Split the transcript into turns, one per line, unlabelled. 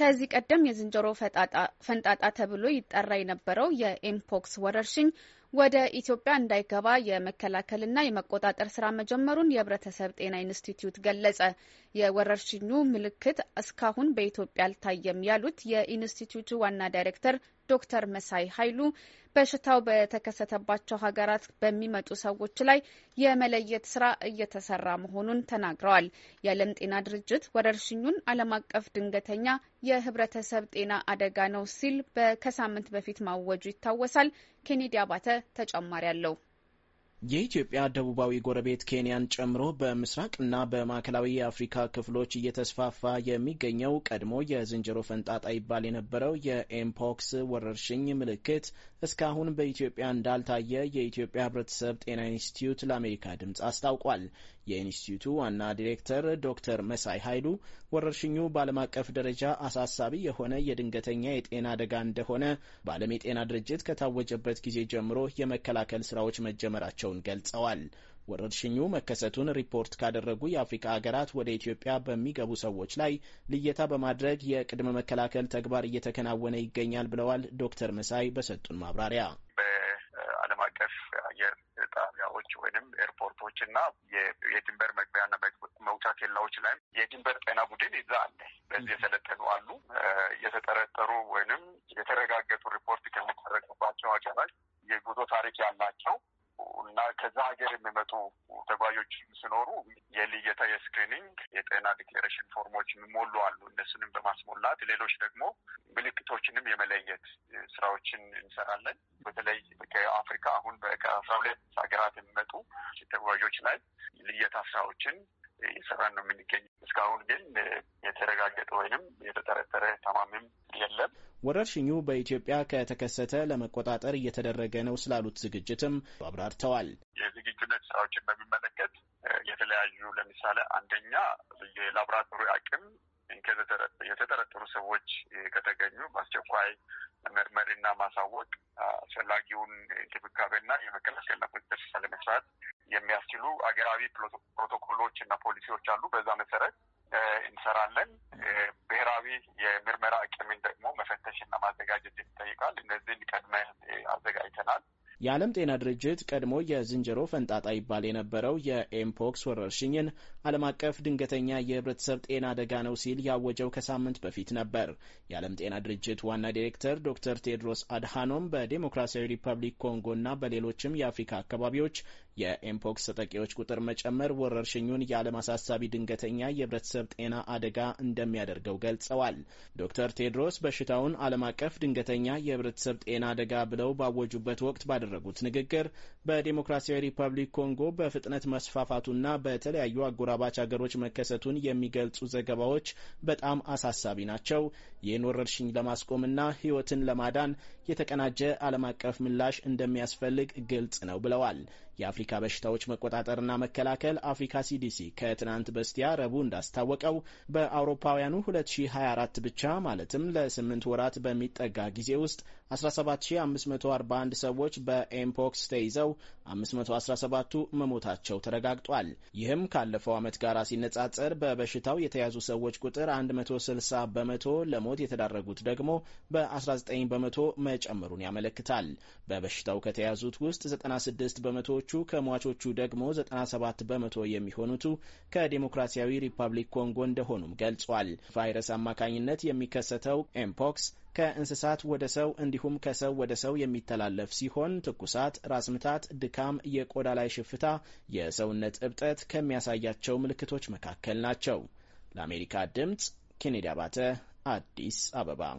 ከዚህ ቀደም የዝንጀሮ ፈንጣጣ ተብሎ ይጠራ የነበረው የኤምፖክስ ወረርሽኝ ወደ ኢትዮጵያ እንዳይገባ የመከላከልና የመቆጣጠር ስራ መጀመሩን የህብረተሰብ ጤና ኢንስቲትዩት ገለጸ። የወረርሽኙ ምልክት እስካሁን በኢትዮጵያ አልታየም ያሉት የኢንስቲትዩቱ ዋና ዳይሬክተር ዶክተር መሳይ ኃይሉ በሽታው በተከሰተባቸው ሀገራት በሚመጡ ሰዎች ላይ የመለየት ስራ እየተሰራ መሆኑን ተናግረዋል። የዓለም ጤና ድርጅት ወረርሽኙን ዓለም አቀፍ ድንገተኛ የህብረተሰብ ጤና አደጋ ነው ሲል ከሳምንት በፊት ማወጁ ይታወሳል። ኬኔዲ አባተ ተጨማሪ አለው።
የኢትዮጵያ ደቡባዊ ጎረቤት ኬንያን ጨምሮ በምስራቅና በማዕከላዊ የአፍሪካ ክፍሎች እየተስፋፋ የሚገኘው ቀድሞ የዝንጀሮ ፈንጣጣ ይባል የነበረው የኤምፖክስ ወረርሽኝ ምልክት እስካሁን በኢትዮጵያ እንዳልታየ የኢትዮጵያ ሕብረተሰብ ጤና ኢንስቲትዩት ለአሜሪካ ድምፅ አስታውቋል። የኢንስቲትዩቱ ዋና ዲሬክተር ዶክተር መሳይ ኃይሉ ወረርሽኙ በዓለም አቀፍ ደረጃ አሳሳቢ የሆነ የድንገተኛ የጤና አደጋ እንደሆነ በዓለም የጤና ድርጅት ከታወጀበት ጊዜ ጀምሮ የመከላከል ስራዎች መጀመራቸው መሆናቸውን ገልጸዋል። ወረርሽኙ መከሰቱን ሪፖርት ካደረጉ የአፍሪካ ሀገራት ወደ ኢትዮጵያ በሚገቡ ሰዎች ላይ ልየታ በማድረግ የቅድመ መከላከል ተግባር እየተከናወነ ይገኛል ብለዋል። ዶክተር መሳይ በሰጡን ማብራሪያ
በዓለም አቀፍ አየር ጣቢያዎች ወይም ኤርፖርቶች እና የድንበር መግቢያና መውጫ ኬላዎች ላይም የድንበር ጤና ቡድን ይዛ አለ። በዚህ የሰለጠኑ አሉ። የተጠረጠሩ ወይንም የተረጋገጡ ሪፖርት ከዛ ሀገር የሚመጡ ተጓዦች ሲኖሩ የልየታ የስክሪኒንግ የጤና ዲክሌሬሽን ፎርሞች የሚሞሉ አሉ። እነሱንም በማስሞላት ሌሎች ደግሞ ምልክቶችንም የመለየት ስራዎችን እንሰራለን። በተለይ ከአፍሪካ አሁን ከአስራ ሁለት ሀገራት የሚመጡ ተጓዦች ላይ ልየታ ስራዎችን እየሰራን ነው የምንገኝ። እስካሁን ግን የተረጋገጠ ወይንም የተጠረጠረ ታማሚም
ወረርሽኙ በኢትዮጵያ ከተከሰተ ለመቆጣጠር እየተደረገ ነው ስላሉት ዝግጅትም አብራርተዋል። የዝግጁነት ስራዎችን
በሚመለከት የተለያዩ ለምሳሌ አንደኛ የላቦራቶሪ አቅም የተጠረጠሩ ሰዎች ከተገኙ በአስቸኳይ መርመሪና ማሳወቅ አስፈላጊውን እንክብካቤና የመከላከልና ቁጥጥር ስራ ለመስራት የሚያስችሉ አገራዊ ፕሮቶኮሎች እና ፖሊሲዎች አሉ። በዛ መሰረት እንሰራለን። ብሔራዊ የምርመራ አቅምን ደግሞ መፈተሽና ማዘጋጀት ይጠይቃል። እነዚህን ቀድመ አዘጋጅተናል።
የዓለም ጤና ድርጅት ቀድሞ የዝንጀሮ ፈንጣጣ ይባል የነበረው የኤምፖክስ ወረርሽኝን ዓለም አቀፍ ድንገተኛ የህብረተሰብ ጤና አደጋ ነው ሲል ያወጀው ከሳምንት በፊት ነበር። የዓለም ጤና ድርጅት ዋና ዲሬክተር ዶክተር ቴድሮስ አድሃኖም በዴሞክራሲያዊ ሪፐብሊክ ኮንጎና በሌሎችም የአፍሪካ አካባቢዎች የኤምፖክስ ተጠቂዎች ቁጥር መጨመር ወረርሽኙን የዓለም አሳሳቢ ድንገተኛ የህብረተሰብ ጤና አደጋ እንደሚያደርገው ገልጸዋል። ዶክተር ቴድሮስ በሽታውን ዓለም አቀፍ ድንገተኛ የህብረተሰብ ጤና አደጋ ብለው ባወጁበት ወቅት ባደ ባደረጉት ንግግር በዴሞክራሲያዊ ሪፐብሊክ ኮንጎ በፍጥነት መስፋፋቱና በተለያዩ አጎራባች ሀገሮች መከሰቱን የሚገልጹ ዘገባዎች በጣም አሳሳቢ ናቸው። ይህን ወረርሽኝ ለማስቆምና ሕይወትን ለማዳን የተቀናጀ ዓለም አቀፍ ምላሽ እንደሚያስፈልግ ግልጽ ነው ብለዋል። የአፍሪካ በሽታዎች መቆጣጠርና መከላከል አፍሪካ ሲዲሲ ከትናንት በስቲያ ረቡዕ እንዳስታወቀው በአውሮፓውያኑ 2024 ብቻ ማለትም ለ8 ወራት በሚጠጋ ጊዜ ውስጥ 17541 ሰዎች በኤምፖክስ ተይዘው 517ቱ መሞታቸው ተረጋግጧል። ይህም ካለፈው ዓመት ጋር ሲነጻጸር በበሽታው የተያዙ ሰዎች ቁጥር 160 በመቶ፣ ለሞት የተዳረጉት ደግሞ በ19 በመቶ መጨመሩን ያመለክታል። በበሽታው ከተያዙት ውስጥ 96 በመቶ ሟቾቹ ከሟቾቹ ደግሞ 97 በመቶ የሚሆኑቱ ከዲሞክራሲያዊ ሪፐብሊክ ኮንጎ እንደሆኑም ገልጿል። ቫይረስ አማካኝነት የሚከሰተው ኤምፖክስ ከእንስሳት ወደ ሰው እንዲሁም ከሰው ወደ ሰው የሚተላለፍ ሲሆን ትኩሳት፣ ራስ ምታት፣ ድካም፣ የቆዳ ላይ ሽፍታ፣ የሰውነት እብጠት ከሚያሳያቸው ምልክቶች መካከል ናቸው። ለአሜሪካ ድምፅ ኬኔዲ አባተ አዲስ አበባ